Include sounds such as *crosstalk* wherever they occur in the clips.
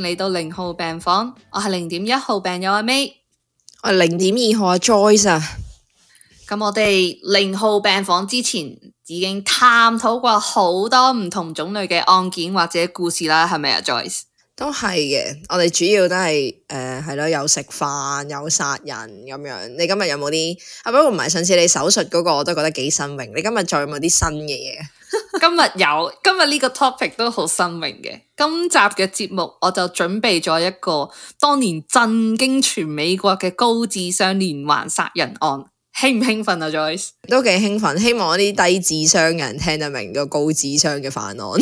嚟到零號病房，我係零點一號病友阿 May，我係零點二號阿 Joyce 啊。咁我哋零號病房之前已經探討過好多唔同種類嘅案件或者故事啦，係咪啊 Joyce？都係嘅，我哋主要都係誒係咯，有食飯有殺人咁樣。你今日有冇啲？啊，不過唔係上次你手術嗰個，我都覺得幾新穎。你今日仲有冇啲新嘅嘢？ *laughs* 今日有，今日呢個 topic 都好新穎嘅。今集嘅節目，我就準備咗一個當年震驚全美國嘅高智商連環殺人案，興唔興奮啊？Joyce 都幾興奮，希望啲低智商人聽得明個高智商嘅犯案。 *laughs* *laughs*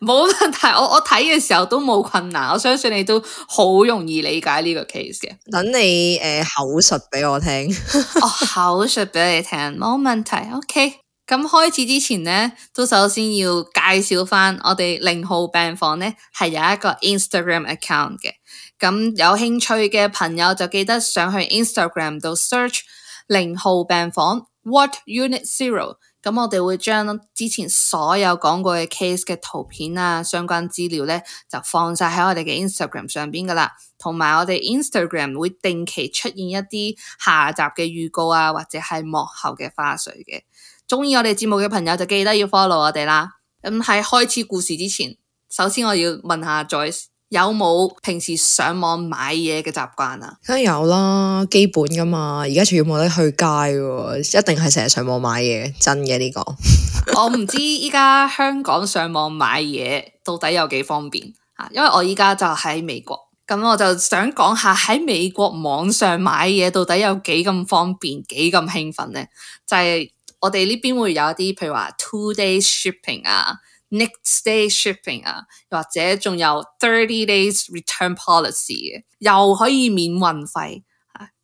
冇問題，我我睇嘅時候都冇困難，我相信你都好容易理解呢個 case 嘅。等你誒口述俾我聽，我口述俾你聽冇問題。OK，咁開始之前咧，都首先要介紹翻我哋零號病房咧係有一個 Instagram account 嘅，咁有興趣嘅朋友就記得上去 Instagram 度 search 零號病房 Ward Unit Zero。咁我哋會將之前所有講過嘅 case 嘅圖片啊，相關資料咧就放晒喺我哋嘅 Instagram 上邊噶啦，同埋我哋 Instagram 會定期出現一啲下集嘅預告啊，或者係幕後嘅花絮嘅。中意我哋節目嘅朋友就記得要 follow 我哋啦。咁、嗯、喺開始故事之前，首先我要問下 Joyce。有冇平時上網買嘢嘅習慣啊？梗係有啦，基本噶嘛。而家仲要冇得去街，一定係成日上網買嘢，真嘅呢個。 *laughs* 我唔知依家香港上網買嘢到底有幾方便啊？因為我依家就喺美國，咁我就想講下喺美國網上買嘢到底有幾咁方便，幾咁興奮咧？就係、是、我哋呢邊會有一啲，譬如話 two days shipping 啊。Next day shipping 啊，或者仲有 thirty days return policy 嘅，又可以免運費，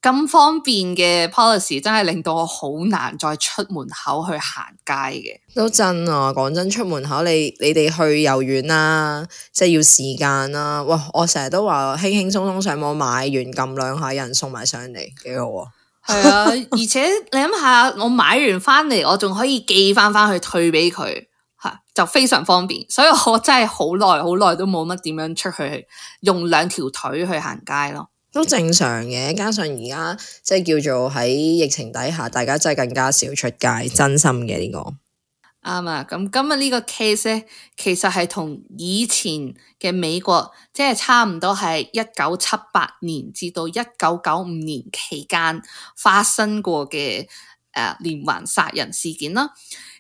咁、啊、方便嘅 policy 真係令到我好難再出門口去行街嘅。都真啊，講真，出門口你你哋去又遠啦、啊，即係要時間啦、啊。哇，我成日都話輕輕鬆鬆上網買完，撳兩下有人送埋上嚟，幾好啊。係 *laughs* 啊，而且你諗下，我買完翻嚟，我仲可以寄翻翻去退俾佢。就非常方便，所以我真係好耐好耐都冇乜點樣出去用兩條腿去行街咯，都正常嘅。加上而家即係叫做喺疫情底下，大家真係更加少出街，真心嘅、這個嗯嗯嗯、呢個啱啊。咁今日呢個 case 咧，其實係同以前嘅美國即係、就是、差唔多，係一九七八年至到一九九五年期間發生過嘅誒、呃、連環殺人事件啦。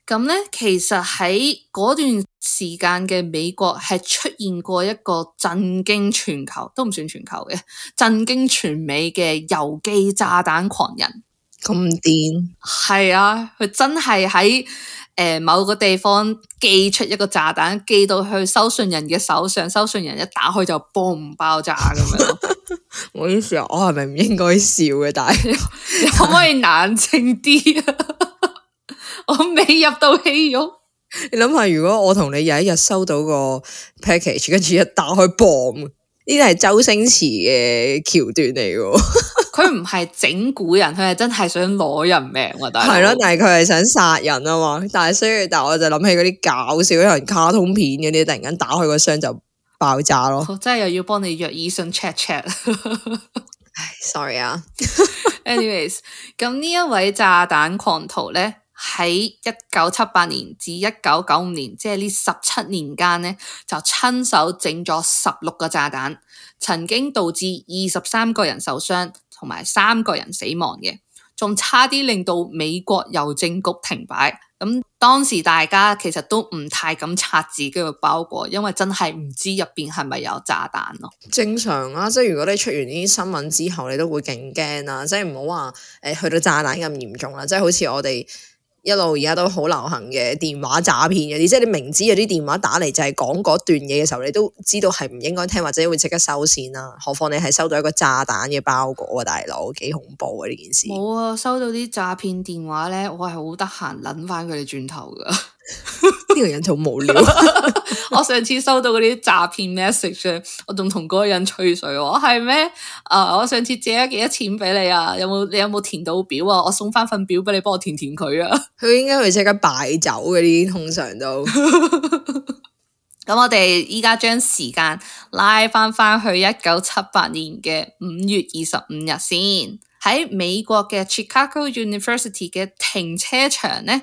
咁咧，其實喺嗰段時間嘅美國係出現過一個震驚全球，都唔算全球嘅震驚全美嘅郵寄炸彈狂人。咁癲？係啊，佢真係喺誒某個地方寄出一個炸彈，寄到去收信人嘅手上，收信人一打開就波唔爆炸咁樣 *laughs* 意思。我呢時我係咪唔應該笑嘅？但 *laughs* 係 *laughs* *laughs* 可唔可以冷靜啲啊？ *laughs* 我未入到戲肉。你諗下，如果我同你有一日收到個 package，跟住一打開，boom！呢啲係周星馳嘅橋段嚟嘅，佢唔係整蠱人，佢係真係想攞人命、啊。我覺得係咯，但係佢係想殺人啊嘛。但係所以，但係我就諗起嗰啲搞笑嘅卡通片嘅啲，突然間打開個箱就爆炸咯。真係又要幫你約醫生 check check *laughs* 唉。唉，sorry 啊。 *laughs* Anyways，咁呢一位炸彈狂徒咧？喺一九七八年至一九九五年，即係呢十七年間呢，就親手整咗十六個炸彈，曾經導致二十三個人受傷，同埋三個人死亡嘅，仲差啲令到美國郵政局停擺。咁當時大家其實都唔太敢拆自己個包裹，因為真係唔知入邊係咪有炸彈咯。正常啦、啊，即係如果你出完呢啲新聞之後，你都會勁驚啦。即係唔好話誒去到炸彈咁嚴重啦、啊，即係好似我哋。一路而家都好流行嘅電話詐騙嘅，即係你明知有啲電話打嚟就係講嗰段嘢嘅時候，你都知道係唔應該聽或者會即刻收線啦、啊。何況你係收到一個炸彈嘅包裹啊，大佬幾恐怖啊呢件事！冇啊，收到啲詐騙電話咧，我係好得閒諗返佢哋轉頭噶。 *laughs* 呢 *laughs* 個人好無聊。 *laughs* *laughs* 我上次收到嗰啲詐騙 message 咧，我仲同嗰個人吹水。我係咩？誒、呃，我上次借咗幾多錢俾你啊？有冇你有冇填到表啊？我送翻份表俾你，幫我填填佢啊。佢 *laughs* 應該會即刻擺走嘅，呢通常都。咁 *laughs* *laughs* 我哋依家將時間拉翻翻去一九七八年嘅五月二十五日先，喺美國嘅 Chicago University 嘅停車場咧。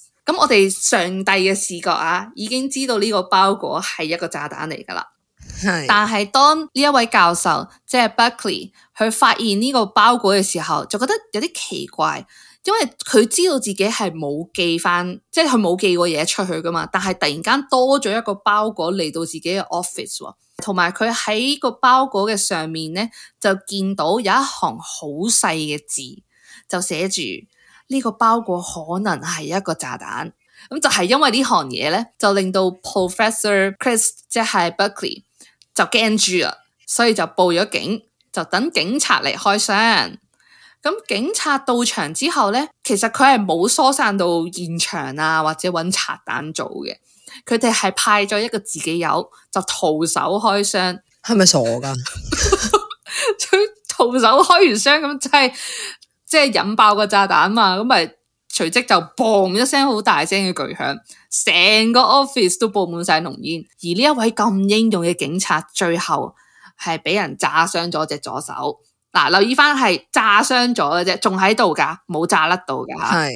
咁我哋上帝嘅視覺啊，已經知道呢個包裹係一個炸彈嚟噶啦。係是，但係當呢一位教授即係 Buckley，佢發現呢個包裹嘅時候，就覺得有啲奇怪，因為佢知道自己係冇寄翻，即係佢冇寄過嘢出去噶嘛。但係突然間多咗一個包裹嚟到自己嘅 office 喎，同埋佢喺個包裹嘅上面咧，就見到有一行好細嘅字，就寫住。呢個包裹可能係一個炸彈，咁就係因為呢行嘢咧，就令到 Professor Chris 即係 Buckley 就驚住啊，所以就報咗警，就等警察嚟開箱咁警察到場之後咧，其實佢係冇疏散到現場啊，或者搵拆彈組嘅，佢哋係派咗一個自己友就徒手開箱，係咪傻噶？ *laughs* 徒手開完箱咁就係、是。即係引爆個炸彈嘛，咁咪隨即就砰一聲好大聲嘅巨響，成個 office 都布滿晒濃煙。而呢一位咁英勇嘅警察，最後係俾人炸傷咗隻左手。嗱、啊，留意翻係炸傷咗嘅啫，仲喺度噶，冇炸甩到噶吓。係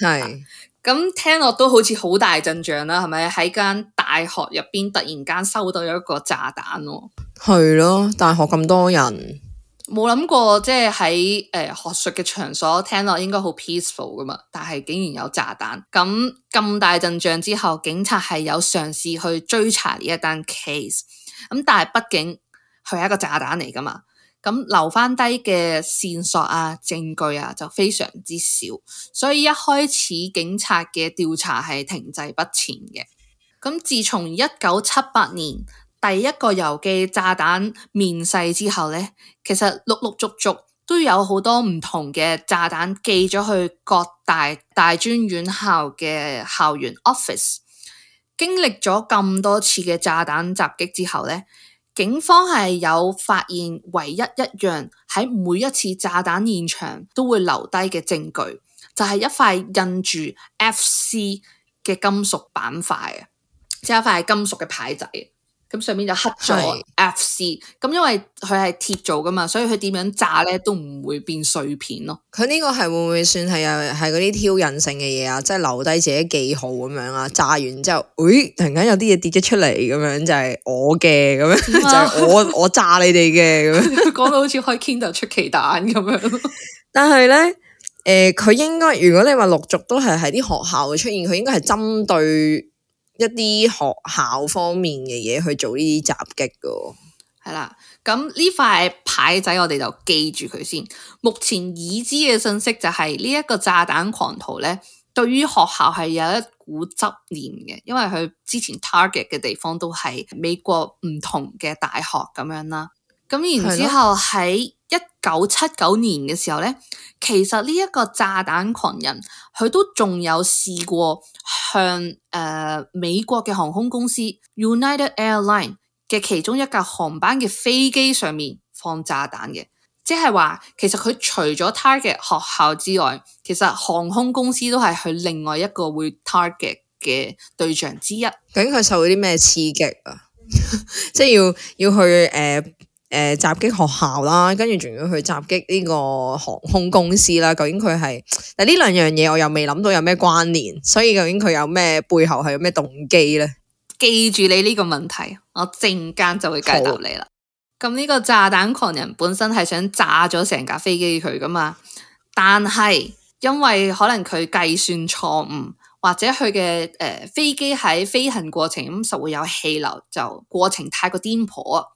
係咁聽落都好似好大陣仗啦，係咪喺間大學入邊突然間收到一個炸彈咯？係咯，大學咁多人。冇諗過，即係喺誒學術嘅場所聽落應該好 peaceful 噶嘛，但係竟然有炸彈，咁咁大陣仗之後，警察係有嘗試去追查呢一單 case，咁但係畢竟佢係一個炸彈嚟噶嘛，咁留翻低嘅線索啊、證據啊就非常之少，所以一開始警察嘅調查係停滯不前嘅，咁自從一九七八年。第一個郵寄炸彈面世之後呢，其實陸陸續續都有好多唔同嘅炸彈寄咗去各大大專院校嘅校園 office。經歷咗咁多次嘅炸彈襲擊之後呢，警方係有發現唯一一樣喺每一次炸彈現場都會留低嘅證據，就係一塊印住 FC 嘅金屬板塊啊，即係一塊金屬嘅牌仔。咁上面就黑咗是 F C，咁因為佢係鐵做噶嘛，所以佢點樣炸咧都唔會變碎片咯。佢呢個係會唔會算係又係嗰啲挑釁性嘅嘢啊？即係留低自己記號咁樣啊？炸完之後，誒，突然間有啲嘢跌咗出嚟，咁樣就係我嘅咁樣，就係我 *laughs* 就我，我炸你哋嘅咁樣 *laughs* *laughs* *laughs* 講到好似開 Kindle 出奇蛋咁樣。但係咧，誒，佢應該如果你話陸續都係喺啲學校出現，佢應該係針對。一啲學校方面嘅嘢去做呢啲襲擊㗎，係啦，咁呢塊牌仔我哋就記住佢先。目前已知嘅信息就係呢一個炸彈狂徒咧，對於學校係有一股執念嘅，因為佢之前 target 嘅地方都係美國唔同嘅大學咁樣啦，咁然之後喺了。一九七九年嘅時候咧，其實呢一個炸彈狂人，佢都仲有試過向誒、呃、美國嘅航空公司 United Airlines 嘅其中一架航班嘅飛機上面放炸彈嘅，即係話其實佢除咗 target 嘅學校之外，其實航空公司都係佢另外一個會 target 嘅對象之一。究竟佢受咗啲咩刺激啊？ *laughs* 即係要要去誒。呃誒，襲擊、呃、學校啦，跟住仲要去襲擊呢個航空公司啦。究竟佢係嗱呢兩樣嘢，我又未諗到有咩關聯，所以究竟佢有咩背後係有咩動機咧？記住你呢個問題，我陣間就會解答你啦。咁呢好個炸彈狂人本身係想炸咗成架飛機佢噶嘛，但係因為可能佢計算錯誤，或者佢嘅誒飛機喺飛行過程咁實會有氣流，就過程太過顛簸。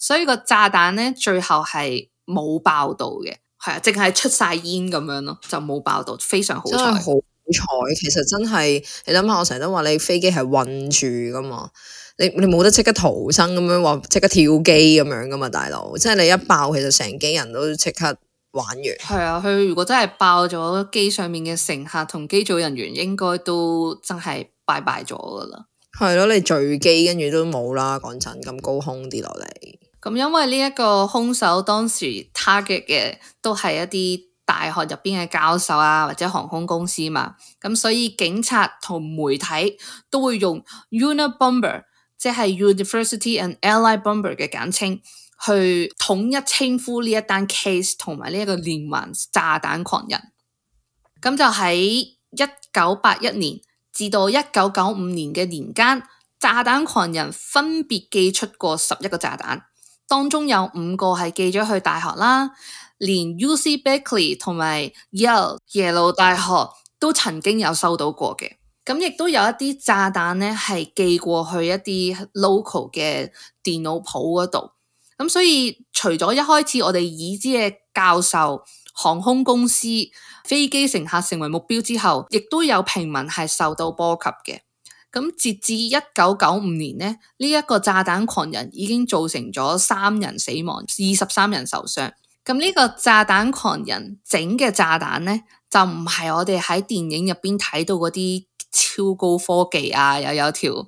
所以個炸彈咧，最後係冇爆到嘅。係啊，淨係出晒煙咁樣咯，就冇爆到，非常好彩。真係好彩，其實真係你諗下，我成日都話你飛機係困住噶嘛，你你冇得即刻逃生咁樣，話即刻跳機咁樣噶嘛，大佬，即係你一爆，其實成機人都即刻玩完。係啊，佢如果真係爆咗，機上面嘅乘客同機組人員，應該都真係拜拜咗噶啦。係咯，你墜機跟住都冇啦，講真咁高空跌落嚟。咁因為呢一個凶手當時 target 嘅都係一啲大學入邊嘅教授啊，或者航空公司嘛，咁所以警察同媒體都會用 Unabomber，即係 University and Airline Bomber 嘅簡稱，去統一稱呼呢一單 case 同埋呢一個連環炸彈狂人。咁就喺一九八一年至到一九九五年嘅年間，炸彈狂人分別寄出過十一個炸彈。當中有五個係寄咗去大學啦，連 UC Berkeley 同埋耶魯大學都曾經有收到過嘅。咁、嗯、亦都有一啲炸彈咧係寄過去一啲 local 嘅電腦鋪嗰度。咁、嗯、所以除咗一開始我哋已知嘅教授、航空公司、飛機乘客成為目標之後，亦都有平民係受到波及嘅。咁截至一九九五年咧，呢一個炸彈狂人已經造成咗三人死亡、二十三人受傷。咁呢個炸彈狂人整嘅炸彈咧，就唔係我哋喺電影入邊睇到嗰啲超高科技啊，又有一條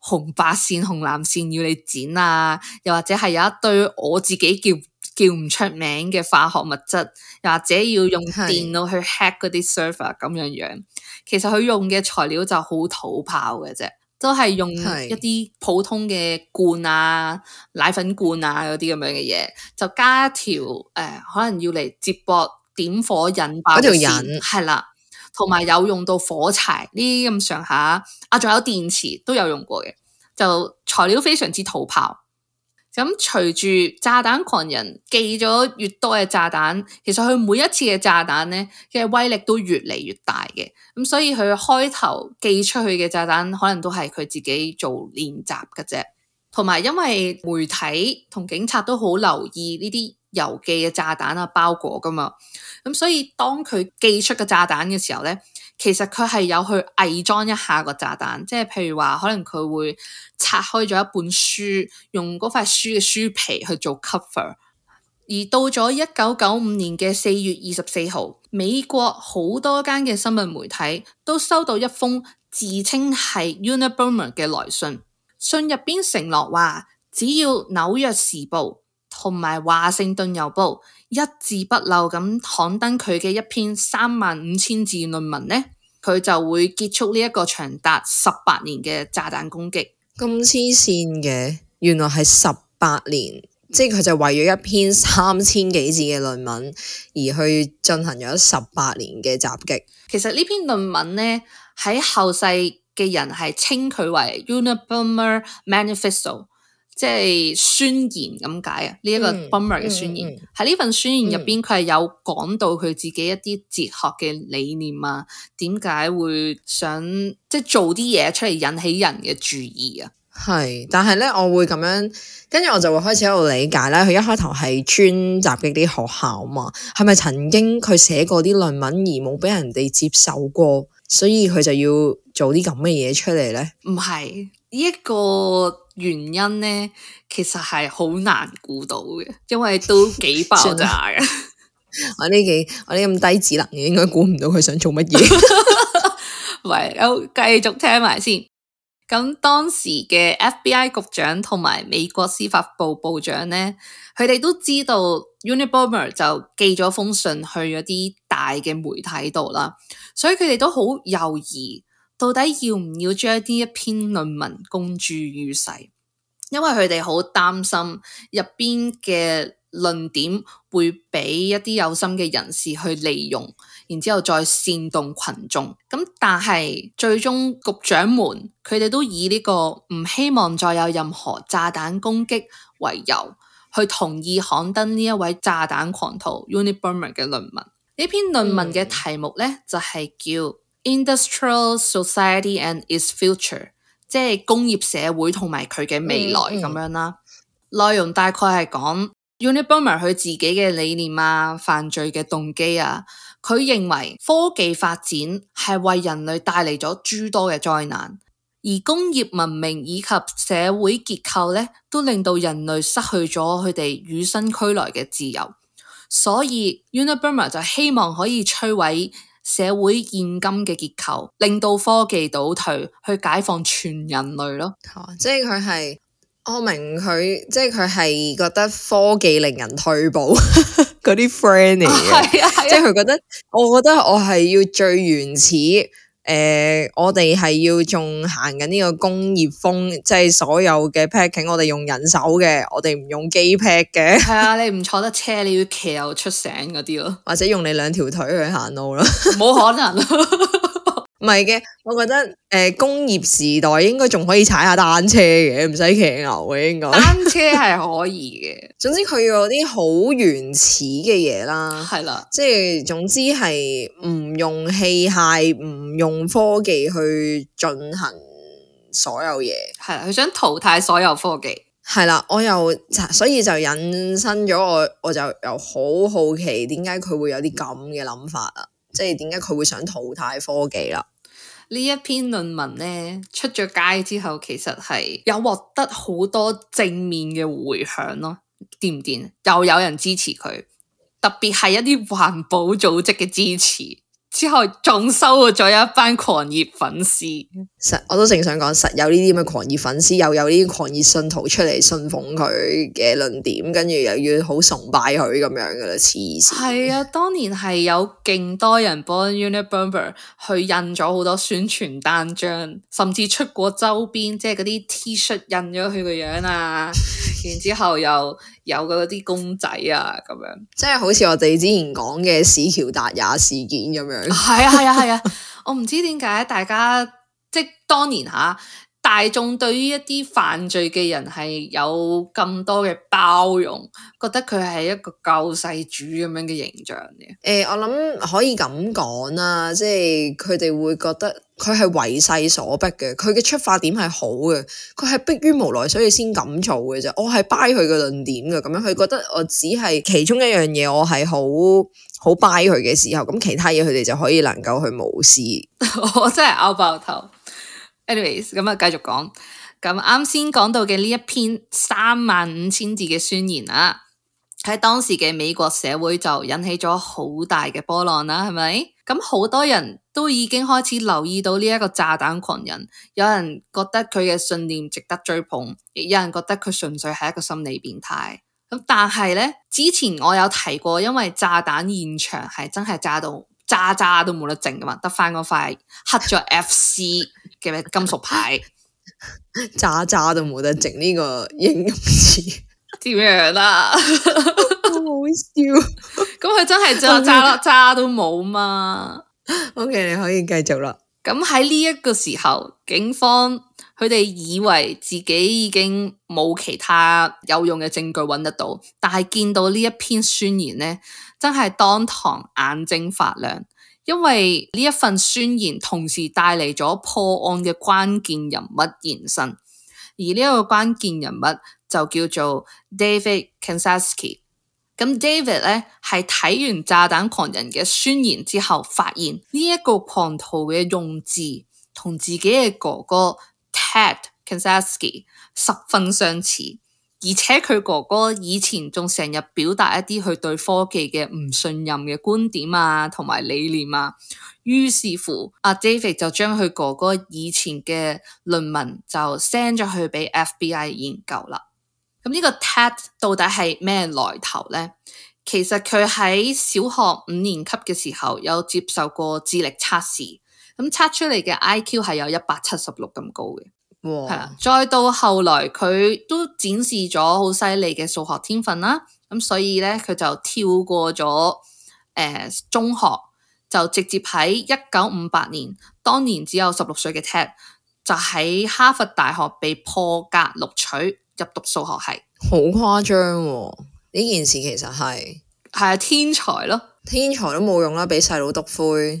紅白線、紅藍線要你剪啊，又或者係有一堆我自己叫叫唔出名嘅化學物質，又或者要用電腦去 hack 嗰啲 server 咁樣樣。其實佢用嘅材料就好土炮嘅啫，都係用一啲普通嘅罐啊、是奶粉罐啊嗰啲咁樣嘅嘢，就加一條誒、呃，可能要嚟接駁點火引爆嗰條線，係啦，同埋有用到火柴呢啲咁上下啊，仲有電池都有用過嘅，就材料非常之土炮。咁隨住炸彈狂人寄咗越多嘅炸彈，其實佢每一次嘅炸彈咧，嘅威力都越嚟越大嘅。咁所以佢開頭寄出去嘅炸彈，可能都係佢自己做練習嘅啫。同埋因為媒體同警察都好留意呢啲。郵寄嘅炸彈啊，包裹噶嘛，咁、嗯、所以當佢寄出嘅炸彈嘅時候咧，其實佢係有去偽裝一下個炸彈，即係譬如話可能佢會拆開咗一本書，用嗰塊書嘅書皮去做 cover。而到咗一九九五年嘅四月二十四號，美國好多間嘅新聞媒體都收到一封自稱係 Unabomber 嘅來信，信入邊承諾話只要《紐約時報》。同埋華盛頓郵報一字不漏咁刊登佢嘅一篇三萬五千字論文呢，佢就會結束呢一個長達十八年嘅炸彈攻擊。咁黐線嘅，原來係十八年，即係佢就為咗一篇三千幾字嘅論文而去進行咗十八年嘅襲擊。其實呢篇論文呢，喺後世嘅人係稱佢為 Unabomber Manifesto。即係宣言咁解啊！呢一、嗯、個 Bomber 嘅宣言喺呢、嗯嗯嗯、份宣言入邊，佢係、嗯、有講到佢自己一啲哲學嘅理念啊？點解會想即係做啲嘢出嚟引起人嘅注意啊？係，但係咧，我會咁樣，跟住我就會開始喺度理解啦。佢一開頭係專襲擊啲學校啊嘛，係咪曾經佢寫過啲論文而冇俾人哋接受過，所以佢就要做啲咁嘅嘢出嚟咧？唔係呢一個。原因咧，其實係好難估到嘅，因為都幾爆炸嘅 *laughs* 。我呢幾我呢咁低智能嘅，應該估唔到佢想做乜嘢。喂，係，我繼續聽埋先。咁當時嘅 FBI 局長同埋美國司法部部長咧，佢哋都知道 Unabomber 就寄咗封信去咗啲大嘅媒體度啦，所以佢哋都好猶疑。到底要唔要將呢一篇論文公諸於世？因為佢哋好擔心入邊嘅論點會俾一啲有心嘅人士去利用，然之後再煽動群眾。咁但係最終局長們佢哋都以呢個唔希望再有任何炸彈攻擊為由，去同意刊登呢一位炸彈狂徒 Unabomber 嘅論文。呢、嗯、篇論文嘅題目呢，就係、是、叫。Industrial Society and Its Future，即係工業社會同埋佢嘅未來咁、mm hmm. 樣啦。內容大概係講 Unabomber 佢自己嘅理念啊，犯罪嘅動機啊。佢認為科技發展係為人類帶嚟咗諸多嘅災難，而工業文明以及社會結構咧，都令到人類失去咗佢哋與生俱來嘅自由。所以 Unabomber 就希望可以摧毀。社會現今嘅結構，令到科技倒退，去解放全人類咯。即係佢係，我明佢，即係佢係覺得科技令人退步，嗰啲 friendly 嘅，即係佢覺得，我覺得我係要最原始。誒、呃，我哋係要仲行緊呢個工業風，即係所有嘅 packing，我哋用人手嘅，我哋唔用機 pack 嘅。係啊，你唔坐得車，你要騎又出省嗰啲咯，或者用你兩條腿去行路咯，冇可能咯。 *laughs* *laughs* 唔係嘅，我覺得誒、呃、工業時代應該仲可以踩下單車嘅，唔使騎牛嘅應該。單車係可以嘅， *laughs* 總之佢有啲好原始嘅嘢啦，係啦的，即係總之係唔用器械、唔用科技去進行所有嘢，係啦，佢想淘汰所有科技，係啦，我又所以就引申咗我，我就又好好奇點解佢會有啲咁嘅諗法啦，即係點解佢會想淘汰科技啦？呢一篇論文呢，出咗街之後，其實係有獲得好多正面嘅回響咯，掂唔掂？又有人支持佢，特別係一啲環保組織嘅支持。之後仲收穫咗一班狂熱粉絲，實我都正想講，實有呢啲咁嘅狂熱粉絲，又有呢啲狂熱信徒出嚟信奉佢嘅論點，跟住又要好崇拜佢咁樣噶啦，似是係啊，當年係有勁多人幫 Unabomber 去印咗好多宣傳單張，甚至出過周邊，即係嗰啲 T 恤印咗佢個樣啊。 *laughs* 然之後又有嗰啲公仔啊，咁樣，即係好似我哋之前講嘅市橋達也事件咁樣。係啊，係啊，係啊，我唔知點解大家即係當年吓、啊、大眾對於一啲犯罪嘅人係有咁多嘅包容，覺得佢係一個救世主咁樣嘅形象嘅。誒、欸，我諗可以咁講啦，即係佢哋會覺得。佢係為勢所逼嘅，佢嘅出發點係好嘅，佢係迫於無奈，所以先咁做嘅啫。我係 buy 佢嘅論點嘅，咁樣佢覺得我只係其中一樣嘢，我係好好 buy 佢嘅時候，咁其他嘢佢哋就可以能夠去無視。 *laughs* 我真係拗爆頭。Anyways，咁啊繼續講，咁啱先講到嘅呢一篇三萬五千字嘅宣言啦，啊，喺當時嘅美國社會就引起咗好大嘅波浪啦，係咪？咁好多人都已經開始留意到呢一個炸彈狂人，有人覺得佢嘅信念值得追捧，亦有人覺得佢純粹係一個心理變態。咁但係呢，之前我有提過，因為炸彈現場係真係炸到炸炸都冇得剩嘅嘛，得翻嗰塊黑咗 FC 嘅金屬牌， *laughs* 炸炸都冇得剩呢、這個形容詞，點樣啦？ *laughs* 笑咁佢真係就渣啦，渣都冇嘛。OK，你可以繼續啦。咁喺呢一個時候，警方佢哋以為自己已經冇其他有用嘅證據搵得到，但係見到呢一篇宣言呢，真係當堂眼睛發亮，因為呢一份宣言同時帶嚟咗破案嘅關鍵人物現身，而呢一個關鍵人物就叫做 David Kaczynski。咁 David 咧，係睇完炸彈狂人嘅宣言之後，發現呢一個狂徒嘅用字同自己嘅哥哥 Ted Kaczynski 十分相似，而且佢哥哥以前仲成日表達一啲佢對科技嘅唔信任嘅觀點啊，同埋理念啊。於是乎，阿 David 就將佢哥哥以前嘅論文就 send 咗去俾 FBI 研究啦。咁呢個 Ted 到底係咩來頭呢？其實佢喺小學五年級嘅時候有接受過智力測試，咁測出嚟嘅 IQ 係有一百七十六咁高嘅。係啦哇，再到後來佢都展示咗好犀利嘅數學天分啦。咁所以呢，佢就跳過咗誒、呃、中學，就直接喺一九五八年，當年只有十六歲嘅 Ted 就喺哈佛大學被破格錄取。入讀數學系，好誇張哦！呢件事其實係係，啊，天才咯，天才都冇用啦，俾細佬讀灰。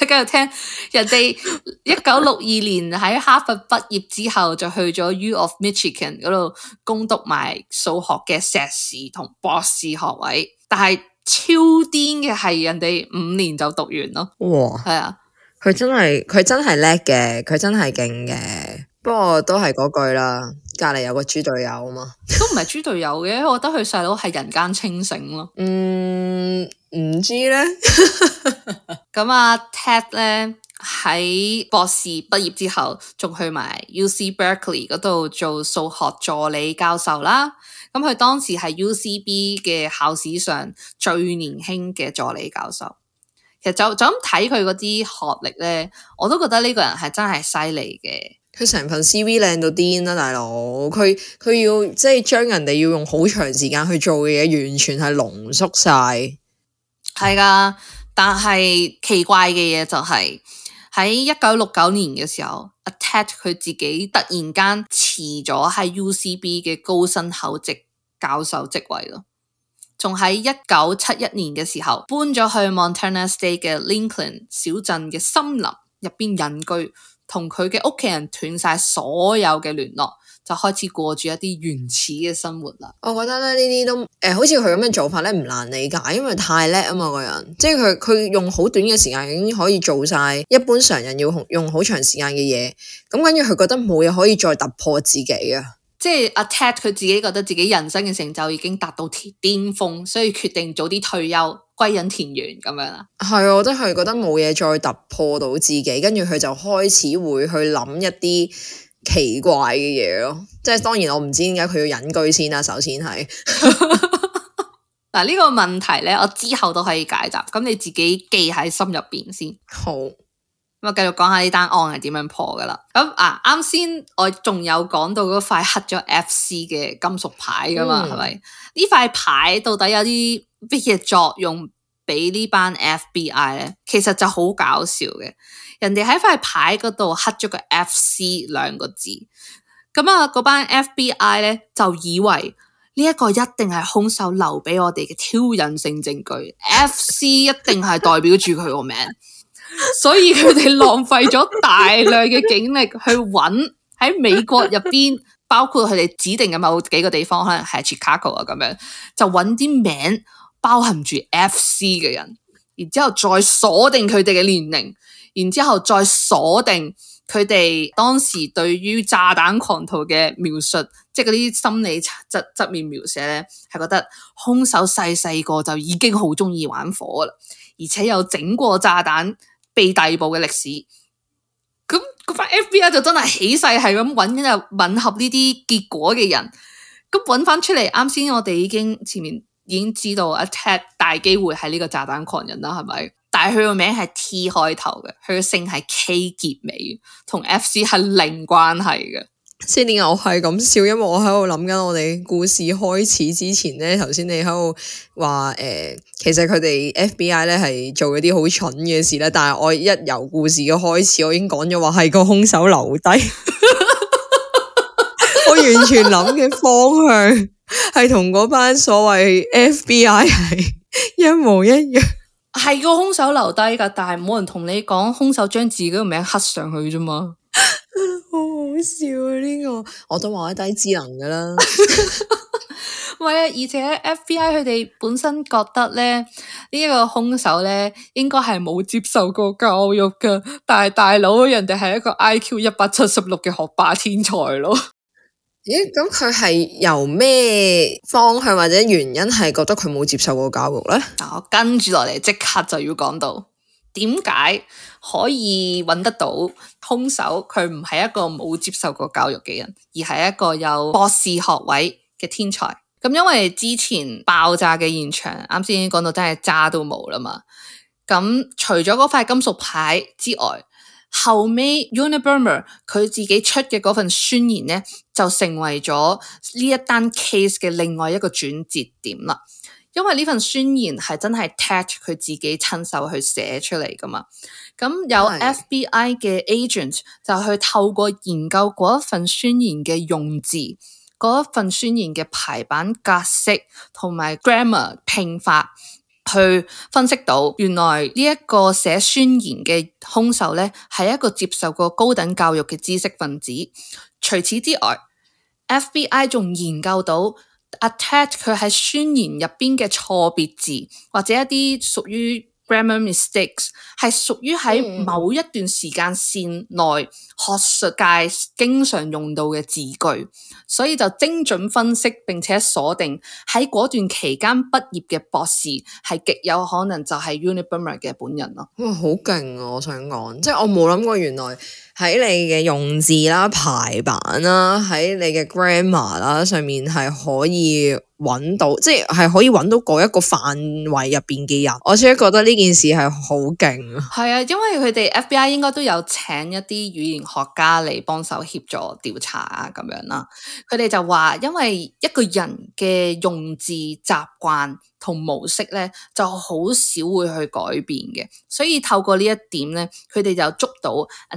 繼 *laughs* *laughs* 續聽，人哋一九六二年喺哈佛畢業之後，就去咗 U of Michigan 嗰度攻讀埋數學嘅碩士同博士學位。但係超癲嘅係，人哋五年就讀完咯。哇，係啊，佢真係佢真係叻嘅，佢真係勁嘅。不過都係嗰句啦，隔籬有個豬隊友啊嘛， *laughs* 都唔係豬隊友嘅，我覺得佢細佬係人間清醒咯。嗯，唔知咧。咁 *laughs* 阿、 *laughs* 嗯、Ted 咧，喺博士畢業之後，仲去埋 U C Berkeley 嗰度做數學助理教授啦。咁、嗯、佢當時係 U C B 嘅校史上最年輕嘅助理教授。其實就就咁睇佢嗰啲學歷咧，我都覺得呢個人係真係犀利嘅。佢成份 CV 靚到癲啦，大佬！佢佢要即係將人哋要用好長時間去做嘅嘢，完全係濃縮晒。係噶，但係奇怪嘅嘢就係喺一九六九年嘅時候，阿 Ted 佢自己突然間辭咗喺 UCB 嘅高薪厚職教授職位咯。仲喺一九七一年嘅時候，搬咗去 Montana State 嘅 Lincoln 小鎮嘅森林入邊隱居。同佢嘅屋企人斷晒所有嘅聯絡，就開始過住一啲原始嘅生活啦。我覺得咧呢啲都誒、呃，好似佢咁嘅做法咧，唔難理解，因為太叻啊嘛，個人，即係佢佢用好短嘅時間已經可以做晒一般常人要用好長時間嘅嘢，咁跟住佢覺得冇嘢可以再突破自己啊。即係阿 Ted 佢自己覺得自己人生嘅成就已經達到巔峰，所以決定早啲退休歸隱田園咁樣啦。係啊，我都係覺得冇嘢再突破到自己，跟住佢就開始會去諗一啲奇怪嘅嘢咯。即係當然我唔知點解佢要隱居先啊。首先係嗱呢個問題咧，我之後都可以解答。咁你自己記喺心入邊先。好。咁啊，繼續講下呢單案係點樣破噶啦。咁啊，啱先我仲有講到嗰塊黑咗 F.C. 嘅金屬牌噶嘛，係咪、嗯？呢塊牌到底有啲乜嘢作用俾呢班 F.B.I 咧？其實就好搞笑嘅，人哋喺塊牌嗰度黑咗個 F.C. 兩個字，咁啊，嗰班 F.B.I 咧就以為呢一個一定係凶手留俾我哋嘅挑釁性證據 *laughs* ，F.C. 一定係代表住佢個名。 *laughs* 所以佢哋浪費咗大量嘅警力，去揾喺美國入邊，包括佢哋指定嘅某幾個地方，可能係 Chicago 啊咁樣，就揾啲名包含住 FC 嘅人，然之後再鎖定佢哋嘅年齡，然之後再鎖定佢哋當時對於炸彈狂徒嘅描述，即係嗰啲心理側側，側面描寫咧，係覺得凶手細細個就已經好中意玩火啦，而且又整過炸彈。被逮捕嘅歷史，咁嗰班，那個、FBI 就真係起勢係咁揾緊就吻合呢啲結果嘅人，咁揾翻出嚟。啱先我哋已經前面已經知道阿 Ted 大機會係呢個炸彈狂人啦，係咪？但係佢個名係 T 開頭嘅，佢嘅姓係 K 結尾，同 FC 係零關係嘅。先點解我係咁笑？因為我喺度諗緊我哋故事開始之前咧，頭先你喺度話誒，其實佢哋 FBI 咧係做一啲好蠢嘅事咧，但係我一由故事嘅開始，我已經講咗話係個凶手留低， *laughs* *laughs* *laughs* 我完全諗嘅方向係同嗰班所謂 FBI 係一模一樣，係個凶手留低噶，但係冇人同你講，凶手將自己個名刻上去啫嘛。好 *laughs* 好笑啊！呢、這個我都話低智能噶啦，唔啊！而且 FBI 佢哋本身覺得咧，這個、兇呢一個凶手咧，應該係冇接受過教育噶。但係大佬，人哋係一個 IQ 一百七十六嘅學霸天才咯。咦、欸？咁佢係由咩方向或者原因係覺得佢冇接受過教育咧？我跟住落嚟，即刻就要講到。點解可以揾得到兇手？佢唔係一個冇接受過教育嘅人，而係一個有博士學位嘅天才。咁因為之前爆炸嘅現場，啱先講到真係渣都冇啦嘛。咁除咗嗰塊金屬牌之外，後尾 Unabomber 佢自己出嘅嗰份宣言呢，就成為咗呢一單 case 嘅另外一個轉折點啦。因為呢份宣言係真係 touch 佢自己親手去寫出嚟噶嘛，咁有 FBI 嘅 agent 就去透過研究嗰一份宣言嘅用字、嗰一份宣言嘅排版格式同埋 grammar 拼法，去分析到原來呢一個寫宣言嘅凶手咧係一個接受過高等教育嘅知識分子。除此之外，FBI 仲研究到。attack 佢係宣言入邊嘅錯別字，或者一啲屬於。Grammar mistakes 係屬於喺某一段時間線內學術界經常用到嘅字句，所以就精準分析並且鎖定喺嗰段期間畢業嘅博士係極有可能就係 Unabomber 嘅本人咯。哇，好勁啊！我想講，即係我冇諗過，原來喺你嘅用字啦、排版啦、喺你嘅 grammar 啦上面係可以。搵到，即係可以搵到嗰一個範圍入邊嘅人，我先覺得呢件事係好勁啊！係啊，因為佢哋 FBI 應該都有請一啲語言學家嚟幫手協助調查啊，咁樣啦。佢哋就話，因為一個人嘅用字習慣。同模式咧就好少會去改變嘅，所以透過呢一點咧，佢哋就捉到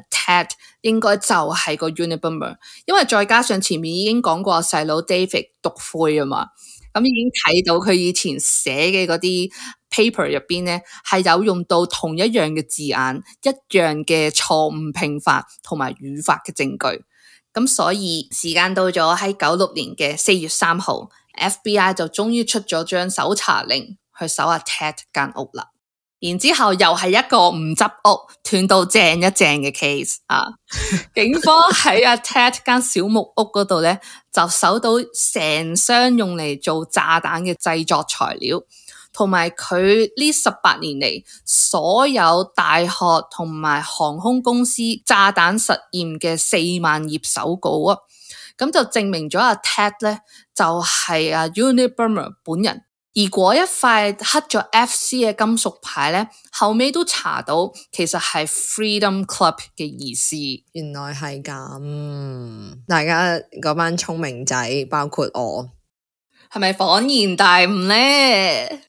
Ted 應該就係個 Unabomber，因為再加上前面已經講過細佬 David 讀灰啊嘛，咁、嗯、已經睇到佢以前寫嘅嗰啲 paper 入邊咧係有用到同一樣嘅字眼、一樣嘅錯誤拼法同埋語法嘅證據，咁、嗯、所以時間到咗喺九六年嘅四月三號。FBI 就終於出咗張搜查令去搜阿 Ted 間屋啦，然之後又係一個唔執屋斷到正一正嘅 case 啊！ *laughs* 警方喺阿 Ted 間小木屋嗰度咧，就搜到成箱用嚟做炸彈嘅製作材料，同埋佢呢十八年嚟所有大學同埋航空公司炸彈實驗嘅四萬頁手稿啊！咁就證明咗阿 Ted 咧。就係啊 Unabomber 本人，而嗰一塊黑咗 FC 嘅金屬牌咧，後尾都查到其實係 Freedom Club 嘅意思。原來係咁，大家嗰班聰明仔，包括我，係咪恍然大悟咧？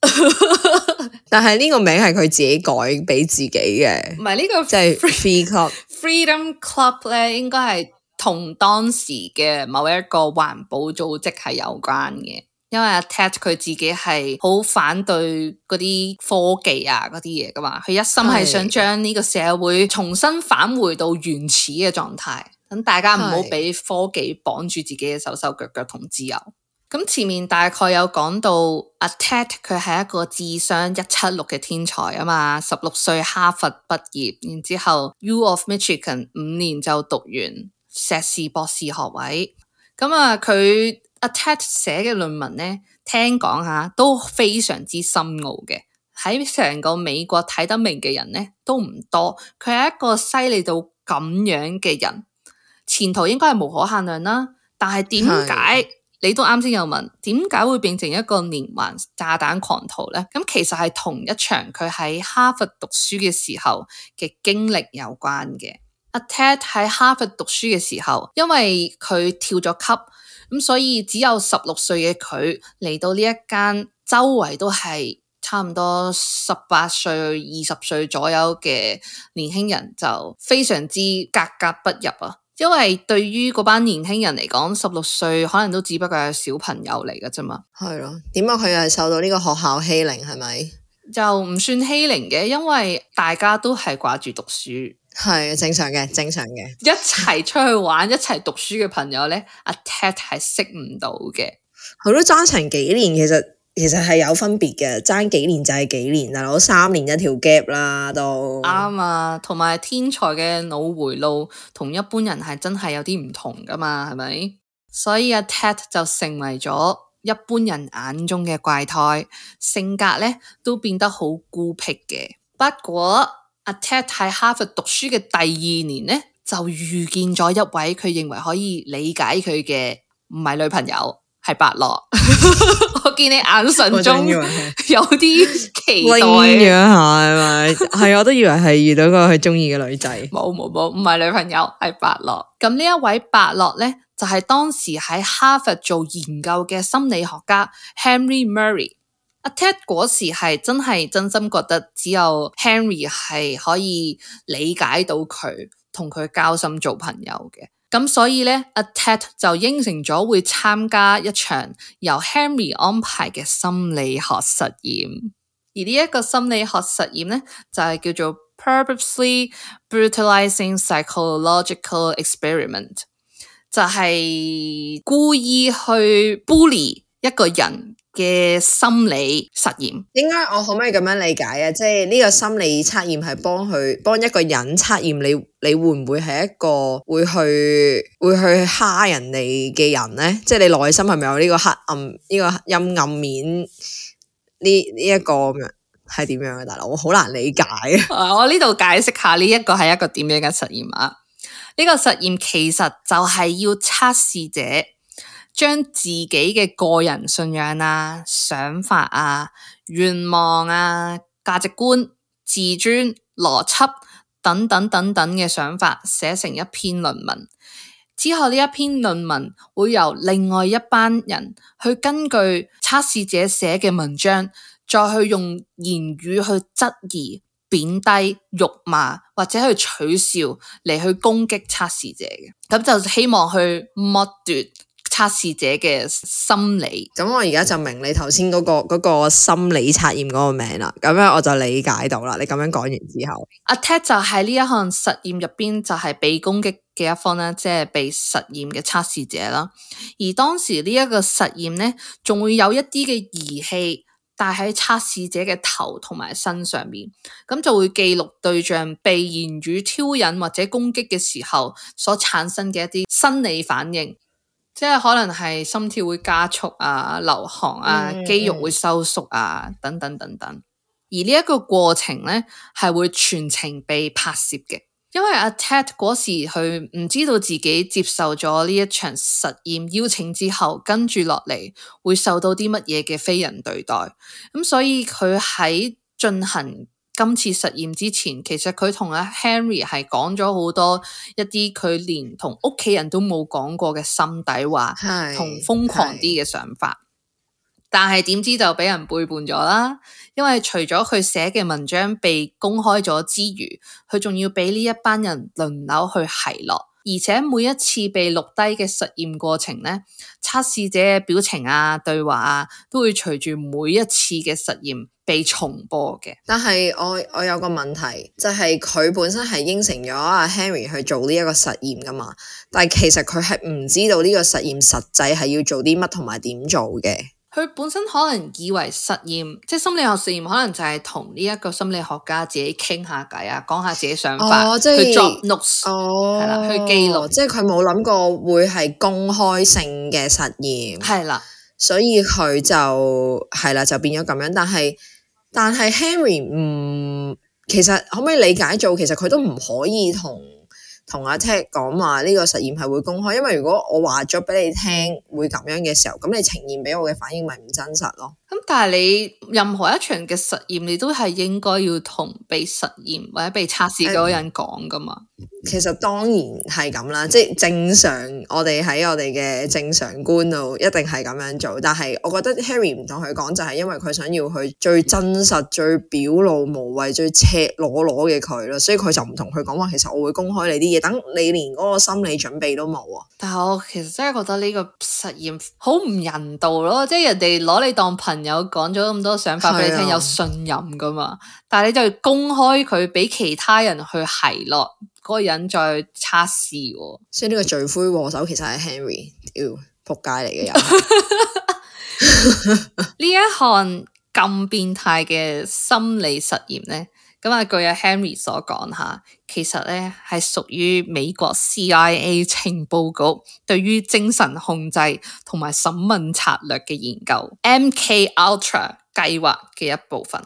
*laughs* 但係呢個名係佢自己改俾自己嘅，唔係呢個就係 Freedom Club。Freedom Club 咧應該係，同當時嘅某一個環保組織係有關嘅，因為阿 Ted 佢自己係好反對嗰啲科技啊嗰啲嘢噶嘛，佢一心係想將呢個社會重新返回到原始嘅狀態，咁大家唔好俾科技綁住自己嘅手手腳腳同自由。咁是前面大概有講到，阿 Ted 佢係一個智商一七六嘅天才啊嘛，十六歲哈佛畢業，然之後 U of Michigan 五年就讀完。碩士博士學位，咁、嗯、啊佢阿 t t 寫嘅論文咧，聽講吓、啊、都非常之深奧嘅，喺成個美國睇得明嘅人咧都唔多。佢係一個犀利到咁樣嘅人，前途應該係無可限量啦。但係點解你都啱先有問，點解會變成一個連環炸彈狂徒咧？咁、嗯、其實係同一場佢喺哈佛讀書嘅時候嘅經歷有關嘅。阿 Ted 喺哈佛讀書嘅時候，因為佢跳咗級，咁所以只有十六歲嘅佢嚟到呢一間周圍都係差唔多十八歲、二十歲左右嘅年輕人，就非常之格格不入啊！因為對於嗰班年輕人嚟講，十六歲可能都只不過係小朋友嚟噶啫嘛。係咯，點解佢又係受到呢個學校欺凌？係咪？就唔算欺凌嘅，因為大家都係掛住讀書。係正常嘅，正常嘅。一齊出去玩， *laughs* 一齊讀書嘅朋友咧，阿、 *laughs* 啊、Ted 係識唔到嘅。佢都爭成幾年，其實其實係有分別嘅。爭幾年就係幾年，大佬三年一條 gap 啦，都啱啊。同埋天才嘅腦回路同一般人係真係有啲唔同噶嘛，係咪？所以阿 Ted 就成為咗一般人眼中嘅怪胎，性格咧都變得好孤僻嘅。不過，阿 Ted 喺哈佛讀書嘅第二年咧，就遇見咗一位佢認為可以理解佢嘅唔係女朋友，係伯樂。 *laughs* 我見你眼神中有啲期待，係咪？係我都以為係 *laughs* 遇到個佢中意嘅女仔。冇冇冇，唔係女朋友，係伯樂。咁呢一位伯樂咧，就係、係、當時喺哈佛做研究嘅心理學家 Henry Murray。阿 Ted 嗰時係真係真心覺得只有 Henry 係可以理解到佢同佢交心做朋友嘅，咁所以咧，阿 Ted 就應承咗會參加一場由 Henry 安排嘅心理學實驗。而呢一個心理學實驗咧，就係叫做 purposely brutalizing psychological experiment，就係故意去 bully 一個人。嘅心理實驗，應該我可唔可以咁樣理解啊？即係呢個心理測驗係幫佢幫一個人測驗你你會唔會係一個會去會去蝦人哋嘅人呢？即係你內心係咪有呢個黑暗呢個陰暗面呢？呢一個咁樣係點樣啊？大佬，我好難理解啊！啊我呢度解釋下呢一個係一個點樣嘅實驗啊？呢個實驗其實就係要測試者將自己嘅個人信仰啊、想法啊、願望啊、價值觀、自尊、邏輯等等等等嘅想法寫成一篇論文，之後呢一篇論文會由另外一班人去根據測試者寫嘅文章，再去用言語去質疑、貶低、辱罵或者去取笑嚟，去攻擊測試者嘅，咁就希望去剝奪。測試者嘅心理。咁，我而家就明你頭先嗰個心理測驗嗰個名啦。咁樣我就理解到啦。你咁樣講完之後，阿 Ted 就喺呢一項實驗入邊就係被攻擊嘅一方咧，即係被實驗嘅測試者啦。而當時呢一個實驗咧，仲會有一啲嘅儀器戴喺測試者嘅頭同埋身上面，咁就會記錄對象被言語挑釁或者攻擊嘅時候所產生嘅一啲生理反應。即係可能係心跳會加速啊、流汗啊、肌肉會收縮啊，等等等等。而呢一個過程咧，係會全程被拍攝嘅。因為阿 Ted 嗰時佢唔知道自己接受咗呢一場實驗邀請之後，跟住落嚟會受到啲乜嘢嘅非人對待，咁、嗯、所以佢喺進行。今次實驗之前，其實佢同阿 Henry 係講咗好多一啲佢連同屋企人都冇講過嘅心底話，同瘋是狂啲嘅想法。是但係點知就俾人背叛咗啦！因為除咗佢寫嘅文章被公開咗之餘，佢仲要俾呢一班人輪流去奚落。而且每一次被錄低嘅實驗過程咧，測試者嘅表情啊、對話啊，都會隨住每一次嘅實驗被重播嘅。但係我我有個問題，就係、是、佢本身係應承咗阿 Henry 去做呢一個實驗噶嘛，但係其實佢係唔知道呢個實驗實際係要做啲乜同埋點做嘅。佢本身可能以為實驗，即係心理學實驗，可能就係同呢一個心理學家自己傾下偈啊，講下自己想法、哦、即去作 drop notes，係啦、哦，去記錄。即係佢冇諗過會係公開性嘅實驗。係啦的，所以佢就係啦，就變咗咁樣。但係但係 Harry 唔、嗯，其實可唔可以理解做？其實佢都唔可以同。同阿 T 講話呢個實驗係會公開，因為如果我話咗俾你聽會咁樣嘅時候，咁你呈現俾我嘅反應咪唔真實咯。咁但係你任何一場嘅實驗你都係應該要同被實驗或者被測試嗰個人講噶嘛。其實當然係咁啦，即係正常我哋喺我哋嘅正常觀度一定係咁樣做。但係我覺得 Harry 唔同佢講就係、是、因為佢想要佢最真實最表露無遺最，最赤裸裸嘅佢咯，所以佢就唔同佢講話，其實我會公開你啲嘢。等你連嗰個心理準備都冇啊！但係我其實真係覺得呢個實驗好唔人道咯，即係人哋攞你當朋友講咗咁多想法俾你聽，的有信任噶嘛，但係你就要公開佢俾其他人去奚落嗰個人再測試，哦，所以呢個罪魁禍首其實係 Henry，仆街嚟嘅人。呢一項咁變態嘅心理實驗咧，咁啊，據阿 Henry 所講吓。其實咧係屬於美國 CIA 情報局對於精神控制同埋審問策略嘅研究，MK Ultra 計劃嘅一部分。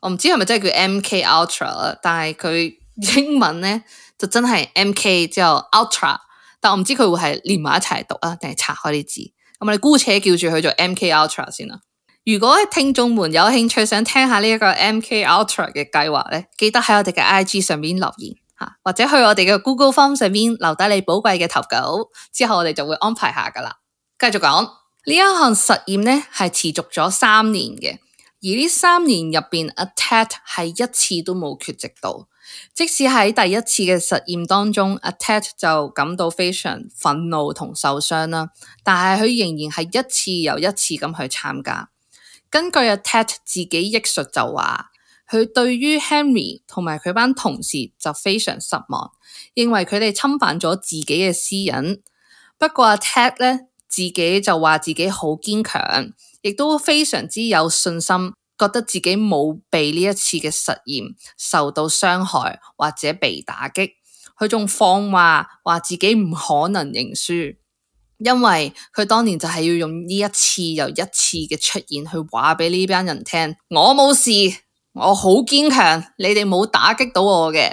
我唔知係咪真係叫 MK Ultra 啊，但係佢英文咧就真係 MK 之後 Ultra，但我唔知佢會係連埋一齊讀啊，定係拆開啲字。咁我哋姑且叫住佢做 MK Ultra 先啦。如果咧聽眾們有興趣想聽下呢一個 MK Ultra 嘅計劃咧，記得喺我哋嘅 IG 上面留言吓，或者去我哋嘅 Google Form 上面留低你寶貴嘅投稿，之後我哋就會安排下噶啦。繼續講呢一項實驗咧，係持續咗三年嘅，而呢三年入邊，阿 Ted 係一次都冇缺席到，即使喺第一次嘅實驗當中，阿 Ted 就感到非常憤怒同受傷啦，但係佢仍然係一次又一次咁去參加。根據阿 Ted 自己憶述就話，佢對於 Henry 同埋佢班同事就非常失望，認為佢哋侵犯咗自己嘅私隱。不過阿 Ted 咧自己就話自己好堅強，亦都非常之有信心，覺得自己冇被呢一次嘅實驗受到傷害或者被打擊。佢仲放話話自己唔可能認輸。因為佢當年就係要用呢一次又一次嘅出現去話俾呢班人聽，我冇事，我好堅強，你哋冇打擊到我嘅。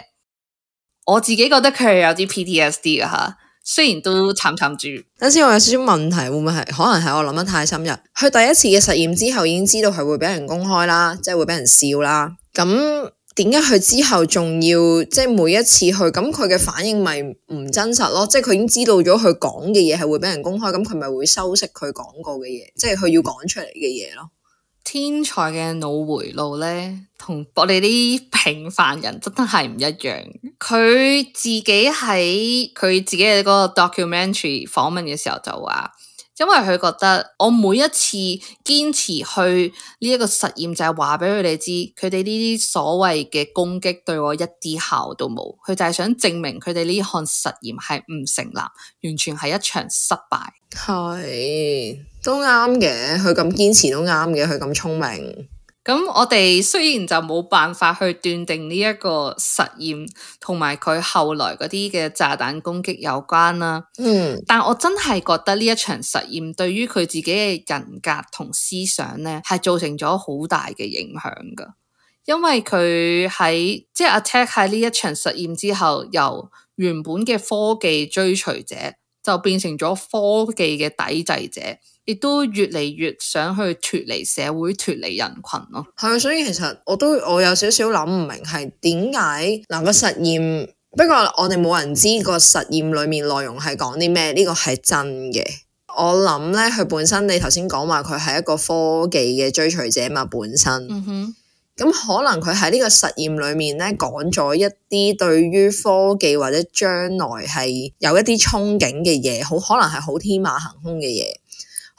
我自己覺得佢係有啲 PTSD 嘅吓，雖然都慘慘住。等先我有少少問題，會唔會係可能係我諗得太深入？佢第一次嘅實驗之後已經知道係會俾人公開啦，即係會俾人笑啦，咁。點解佢之後仲要即係每一次去，咁佢嘅反應咪唔真實咯？即係佢已經知道咗佢講嘅嘢係會俾人公開，咁佢咪會修飾佢講過嘅嘢，即係佢要講出嚟嘅嘢咯。嗯、天才嘅腦回路呢，同我哋啲平凡人真係唔一樣。佢自己喺佢自己嘅嗰個 documentary 訪問嘅時候就話。因為佢覺得我每一次堅持去呢一個實驗，就係話俾佢哋知，佢哋呢啲所謂嘅攻擊對我一啲效都冇。佢就係想證明佢哋呢項實驗係唔成立，完全係一場失敗。係，都啱嘅，佢咁堅持，都啱嘅，佢咁聰明。咁我哋雖然就冇辦法去斷定呢一個實驗同埋佢後來嗰啲嘅炸彈攻擊有關啦，嗯，但我真係覺得呢一場實驗對於佢自己嘅人格同思想咧係造成咗好大嘅影響㗎，因為佢喺即係阿 Ted 喺呢一場實驗之後，由原本嘅科技追隨者就變成咗科技嘅抵制者。亦都越嚟越想去脫離社會、脫離人群咯、哦。係啊，所以其實我都我有少少諗唔明，係點解嗱個實驗？不過我哋冇人知個實驗裏面內容係講啲咩？呢、這個係真嘅。我諗咧，佢本身你頭先講話佢係一個科技嘅追隨者嘛，本身咁、嗯、哼，可能佢喺呢個實驗裏面咧講咗一啲對於科技或者將來係有一啲憧憬嘅嘢，好可能係好天馬行空嘅嘢。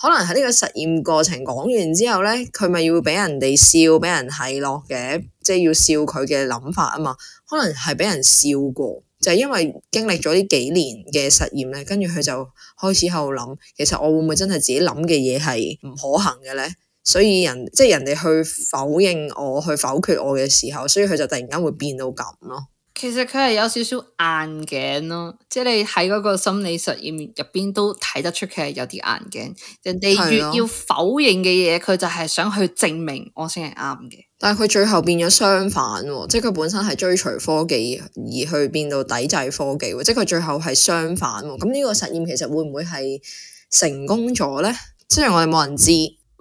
可能喺呢個實驗過程講完之後咧，佢咪要俾人哋笑，俾人睇落嘅，即係要笑佢嘅諗法啊嘛。可能係俾人笑過，就係因為經歷咗呢幾年嘅實驗咧，跟住佢就開始喺度諗，其實我會唔會真係自己諗嘅嘢係唔可行嘅咧？所以人即係人哋去否認我，去否決我嘅時候，所以佢就突然間會變到咁咯。其實佢係有少少硬頸咯，即係你喺嗰個心理實驗入邊都睇得出佢係有啲硬頸。人哋的越要否認嘅嘢，佢就係想去證明我先係啱嘅。但係佢最後變咗相反喎，即係佢本身係追隨科技而去變到抵制科技喎，即係佢最後係相反喎。咁呢個實驗其實會唔會係成功咗咧？即係我哋冇人知。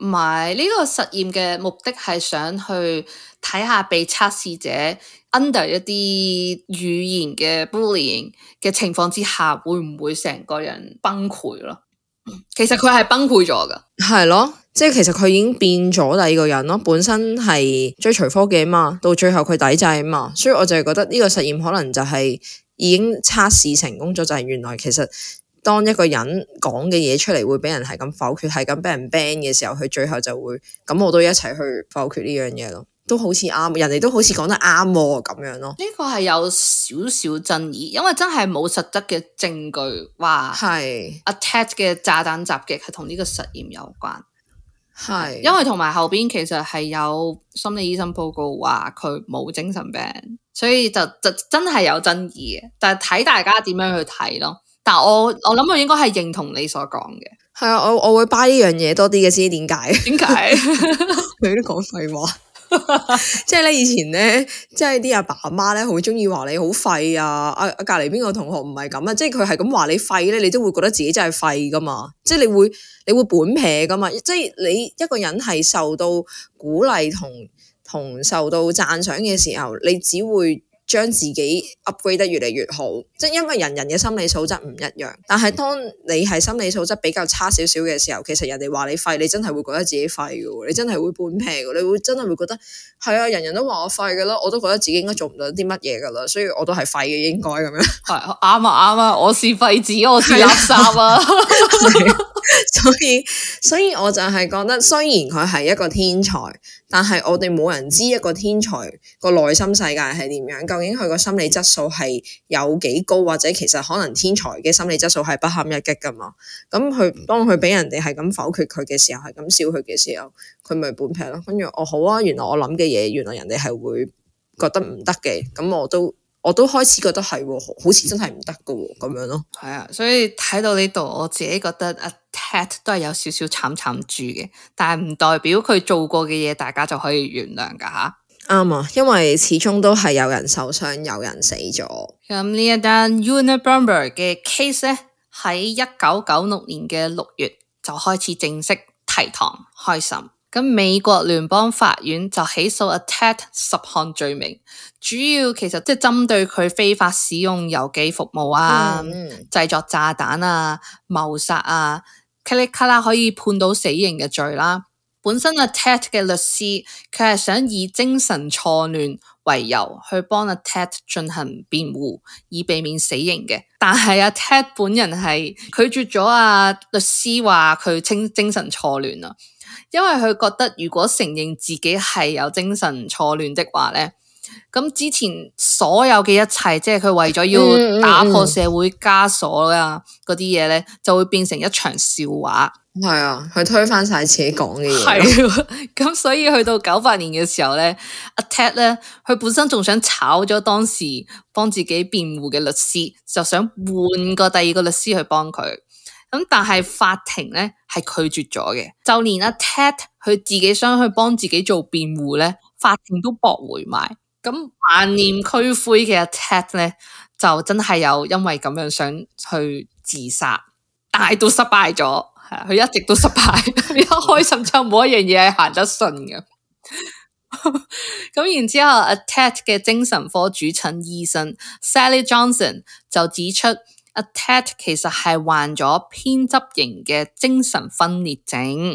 唔係呢個實驗嘅目的係想去睇下被測試者。Under 一啲語言嘅 bullying 嘅情況之下，會唔會成個人崩潰咯？其實佢係崩潰咗噶，係咯，即係其實佢已經變咗第二個人咯。本身係追隨科技啊嘛，到最後佢抵制啊嘛，所以我就係覺得呢個實驗可能就係已經測試成功咗，就係原來其實當一個人講嘅嘢出嚟會俾人係咁否決，係咁俾人 ban 嘅時候，佢最後就會咁我都一齊去否決呢樣嘢咯。都好似啱，人哋都好似講得啱喎，咁樣咯。呢個係有少少爭議，因為真係冇實質嘅證據話係 attack 嘅炸彈襲擊係同呢個實驗有關。係是，因為同埋後邊其實係有心理醫生報告話佢冇精神病，所以就就真係有爭議嘅。但係睇大家點樣去睇咯。但係我我諗我應該係認同你所講嘅。係啊，我我會 buy 呢樣嘢多啲嘅，先點解？點解？ *laughs* 你都講廢話。 *laughs* 即係咧，以前咧，即係啲阿爸阿媽咧，好中意話你好廢啊！阿阿隔籬邊個同學唔係咁啊，即係佢係咁話你廢咧，你都會覺得自己真係廢噶嘛，即係你會你會本撇噶嘛，即係你一個人係受到鼓勵同同受到讚賞嘅時候，你只會。將自己 upgrade 得越嚟越好，即係因為人人嘅心理素質唔一樣。但係當你係心理素質比較差少少嘅時候，其實人哋話你廢，你真係會覺得自己廢嘅，你真係會半屁㗎喎，你會真係會覺得係啊，人人都話我廢㗎囉，我都覺得自己應該做唔到啲乜嘢噶啦，所以我都係廢嘅，應該咁樣。係啊，啱啊，啱啊，我是廢紙，我是垃圾啊。 *laughs* *laughs* *laughs* 所以，所以我就係覺得，雖然佢係一個天才，但係我哋冇人知一個天才個內心世界係點樣，究竟佢個心理質素係有幾高，或者其實可能天才嘅心理質素係不堪一擊噶嘛？咁佢當佢俾人哋係咁否決佢嘅時候，係咁笑佢嘅時候，佢咪半劈咯？跟住我好啊，原來我諗嘅嘢，原來人哋係會覺得唔得嘅，咁我都我都開始覺得係，好似真係唔得噶咁樣咯。係啊，所以睇到呢度，我自己覺得啊。都係有少少慘慘住嘅，但係唔代表佢做過嘅嘢，大家就可以原諒㗎吓。啱啊，嗯，因為始終都係有人受傷，有人死咗。咁呢一單 Unabomber 嘅 case 咧，喺一九九六年嘅六月就開始正式提堂開審。咁美國聯邦法院就起訴阿 Ted 十項罪名，主要其實即係針對佢非法使用郵寄服務啊、製、嗯、作炸彈啊、謀殺啊。卡里卡啦可以判到死刑嘅罪啦，本身阿 Ted 嘅律師佢係想以精神錯亂為由去幫阿 Ted 進行辯護，以避免死刑嘅。但係阿 Ted 本人係拒絕咗阿、啊、律師話佢清精神錯亂啊，因為佢覺得如果承認自己係有精神錯亂的話咧。咁之前所有嘅一切，即係佢為咗要打破社會枷鎖啊，嗰啲嘢咧，嗯、就會變成一場笑話。係啊，佢推翻晒自己講嘅嘢。係，咁所以去到九八年嘅時候咧，阿 Ted 咧，佢本身仲想炒咗當時幫自己辯護嘅律師，就想換個第二個律師去幫佢。咁但係法庭咧係拒絕咗嘅，就連阿 Ted 佢自己想去幫自己做辯護咧，法庭都駁回埋。.咁萬念俱灰嘅阿 Ted 咧，就真係有因為咁樣想去自殺，但係都失敗咗。佢一直都失敗， *laughs* 一開心就冇一樣嘢係行得順嘅。咁 *laughs* 然之後，阿 Ted 嘅精神科主診醫生 Sally Johnson 就指出，阿 Ted 其實係患咗偏執型嘅精神分裂症，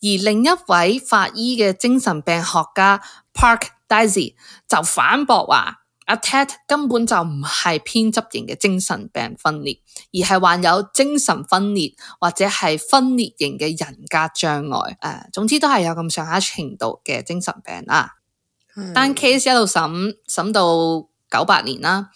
而另一位法醫嘅精神病學家 Park。Daisy 就反駁話，阿 Ted 根本就唔係偏執型嘅精神病分裂，而係患有精神分裂或者係分裂型嘅人格障礙。誒、呃，總之都係有咁上下程度嘅精神病啦，啊。單 case、mm hmm. 一路審，審到九八年啦，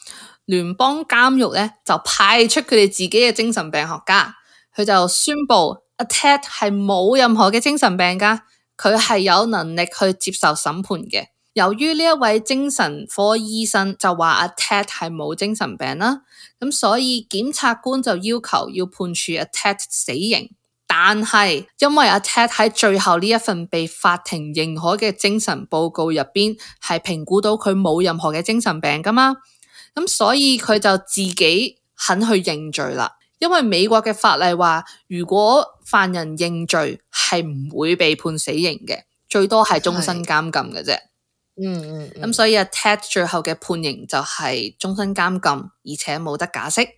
聯邦監獄咧就派出佢哋自己嘅精神病學家，佢就宣布阿 Ted 係冇任何嘅精神病嘅，佢係有能力去接受審判嘅。由於呢一位精神科醫生就話阿 Ted 係冇精神病啦，咁所以檢察官就要求要判處阿 Ted 死刑。但係因為阿 Ted 喺最後呢一份被法庭認可嘅精神報告入邊係評估到佢冇任何嘅精神病㗎嘛，咁所以佢就自己肯去認罪啦。因為美國嘅法例話，如果犯人認罪係唔會被判死刑嘅，最多係終身監禁嘅啫。嗯，嗯，咁所以阿 Ted 最後嘅判刑就係終身監禁，而且冇得假釋。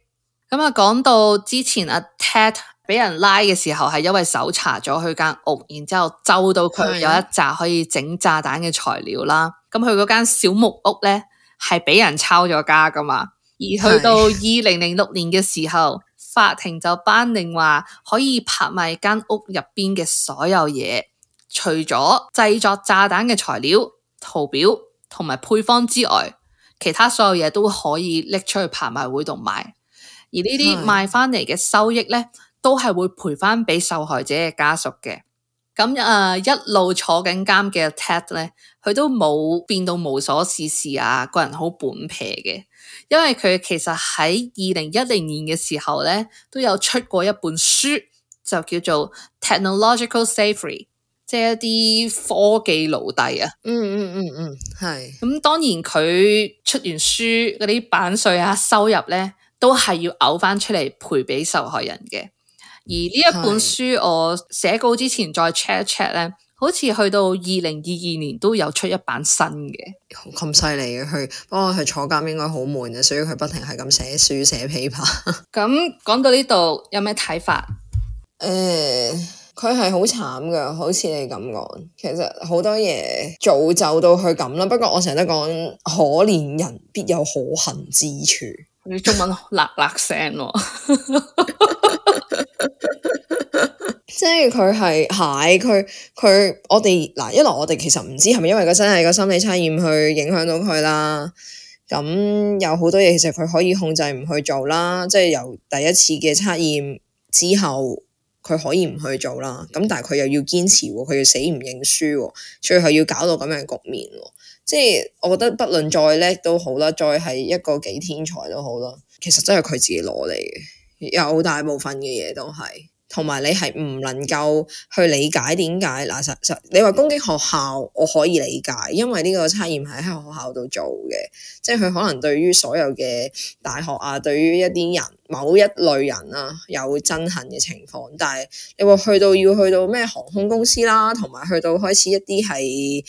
咁啊，講到之前阿 Ted 俾人拉嘅時候，係因為搜查咗佢間屋，然之後周到佢有一紮可以整炸彈嘅材料啦。咁佢嗰間小木屋咧，係俾人抄咗家噶嘛。而去到二零零六年嘅時候，的法庭就頒定話可以拍賣間屋入邊嘅所有嘢，除咗製作炸彈嘅材料。圖表同埋配方之外，其他所有嘢都可以拎出去拍賣會度賣。而呢啲賣翻嚟嘅收益咧，都係會賠翻俾受害者嘅家屬嘅。咁啊、呃，一路坐緊監嘅 Ted 咧，佢都冇變到無所事事啊，個人好本皮嘅。因為佢其實喺二零一零年嘅時候咧，都有出過一本書，就叫做《Technological Safery》即係一啲科技奴隸啊！嗯嗯嗯嗯，係、嗯。咁、嗯嗯、當然佢出完書嗰啲版稅啊收入咧，都係要嘔翻出嚟賠俾受害人嘅。而呢一本書我寫稿之前再 check 一 check 咧，是好似去到二零二二年都有出一版新嘅。咁犀利嘅，佢，不過佢坐監應該好悶啊，所以佢不停係咁寫書寫 paper。咁 *laughs* 講到呢度有咩睇法？誒、呃。佢係好慘噶，好似你咁講，其實好多嘢造就到佢咁啦。不過我成日都講，可憐人必有可恨之處。你中文辣辣聲咯，即係佢係，係佢佢我哋嗱，一來我哋其實唔知係咪因為個真係個心理測驗去影響到佢啦，咁有好多嘢其實佢可以控制唔去做啦，即係由第一次嘅測驗之後。佢可以唔去做啦，咁但係佢又要堅持喎，佢要死唔認輸喎，最後要搞到咁樣局面喎，即係我覺得，不論再叻都好啦，再係一個幾天才都好啦，其實真係佢自己攞嚟嘅，有大部分嘅嘢都係。同埋你係唔能夠去理解點解嗱，實實你話攻擊學校，我可以理解，因為呢個測驗係喺學校度做嘅，即係佢可能對於所有嘅大學啊，對於一啲人某一類人啦、啊、有憎恨嘅情況，但係你話去到要去到咩航空公司啦、啊，同埋去到開始一啲係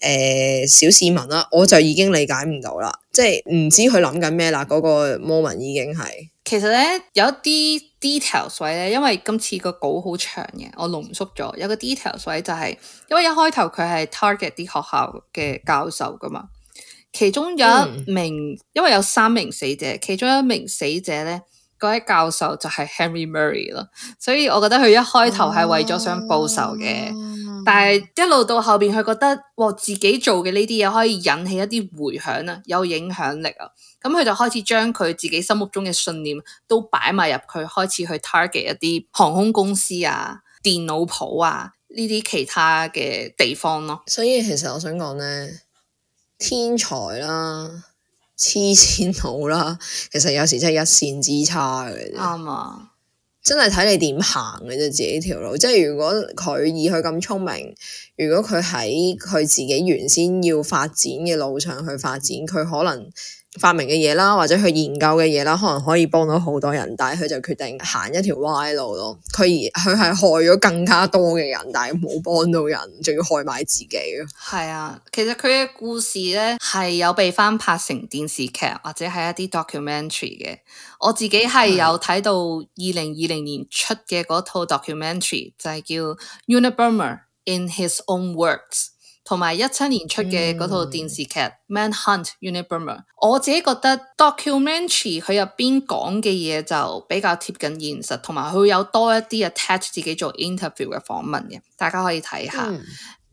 誒小市民啦、啊，我就已經理解唔到啦，即係唔知佢諗緊咩啦，嗰、嗰個 moment 已經係其實咧有一啲。details 位咧，因為今次個稿好長嘅，我濃縮咗有個 details 位就係、是，因為一開頭佢係 target 啲學校嘅教授噶嘛，其中有一名，嗯、因為有三名死者，其中一名死者咧，嗰、那、位、個、教授就係 Henry Murray 啦，所以我覺得佢一開頭係為咗想報仇嘅，嗯、但係一路到後邊佢覺得，哇，自己做嘅呢啲嘢可以引起一啲回響啊，有影響力啊。咁佢、嗯、就開始將佢自己心目中嘅信念都擺埋入去，開始去 target 一啲航空公司啊、電腦鋪啊呢啲其他嘅地方咯。所以其實我想講咧，天才啦、痴線佬啦，其實有時真係一線之差嘅啫。啱啊，吧真係睇你點行嘅啫，自己條路。即係如果佢以佢咁聰明，如果佢喺佢自己原先要發展嘅路上去發展，佢可能，發明嘅嘢啦，或者佢研究嘅嘢啦，可能可以幫到好多人，但係佢就決定行一條歪路咯。佢而佢係害咗更加多嘅人，但係冇幫到人，仲要害埋自己。係啊，其實佢嘅故事咧係有被翻拍成電視劇或者係一啲 documentary 嘅。我自己係有睇到二零二零年出嘅嗰套 documentary，的就係叫 Unabomber in His Own Words。同埋一七年出嘅嗰套電視劇《Manhunt Unabomber》、嗯、我自己覺得 documentary 佢入邊講嘅嘢就比較貼近現實，同埋佢有多一啲 attach 自己做 interview 嘅訪問嘅，大家可以睇下。嗯、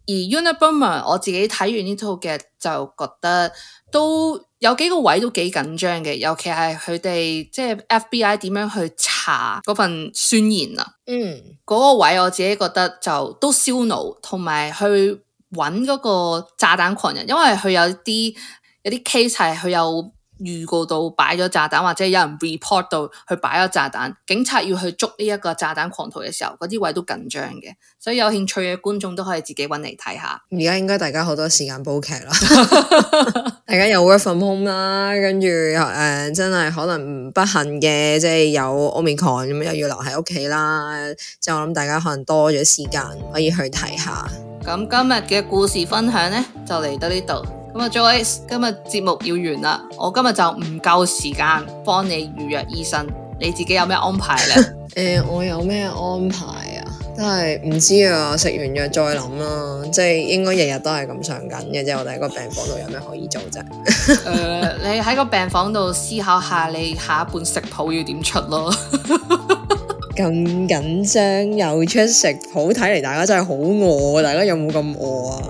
而《Unabomber》我自己睇完呢套劇就覺得都有幾個位都幾緊張嘅，尤其係佢哋即係 FBI 點樣去查嗰份宣言啊。嗯，嗰個位我自己覺得就都燒腦，同埋去。揾嗰個炸彈狂人，因為佢有啲有啲 case 係佢有預告到擺咗炸彈，或者有人 report 到佢擺咗炸彈，警察要去捉呢一個炸彈狂徒嘅時候，嗰啲位都緊張嘅，所以有興趣嘅觀眾都可以自己揾嚟睇下。而家應該大家好多時間煲劇啦， *laughs* *laughs* 大家有 work from home 啦，跟住誒真係可能不幸嘅即係有 Omicron 咁又要留喺屋企啦，即係我諗大家可能多咗時間可以去睇下。咁今日嘅故事分享呢，就嚟到呢度。咁啊 Joyce，今日節目要完啦，我今日就唔夠時間幫你預約醫生，你自己有咩安排呢？誒 *laughs* 、呃，我有咩安排啊？真係唔知啊，食完藥再諗啦。即係應該日日都係咁上緊嘅啫。我哋喺個病房度有咩可以做啫？誒 *laughs* 呃，你喺個病房度思考下，你下一半食譜要點出咯。 *laughs* 咁緊張又出食，好睇嚟，大家真係好餓。大家有冇咁餓啊？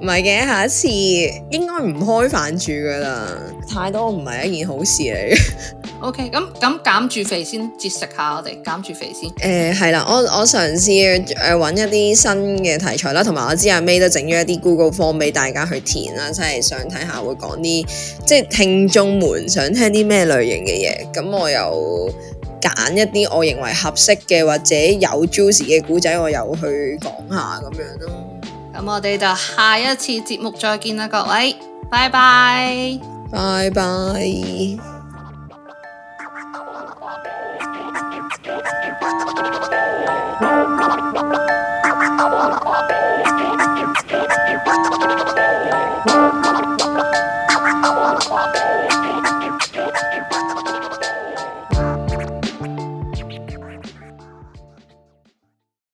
唔係嘅，下一次應該唔開飯住噶啦。太多唔係一件好事嚟嘅。Okay,OK，咁咁減住肥先節食下我哋，減住肥先。誒係啦，我我嘗試誒揾、呃、一啲新嘅題材啦，同埋我知阿 May 都整咗一啲 Google Form 俾大家去填啦，真係想睇下會講啲即係聽眾們想聽啲咩類型嘅嘢。咁我又。揀一啲我認為合適嘅或者有 juice 嘅古仔，我又去講下咁樣咯。咁我哋就下一次節目再見啦，各位，拜拜，拜拜 bye。 *music*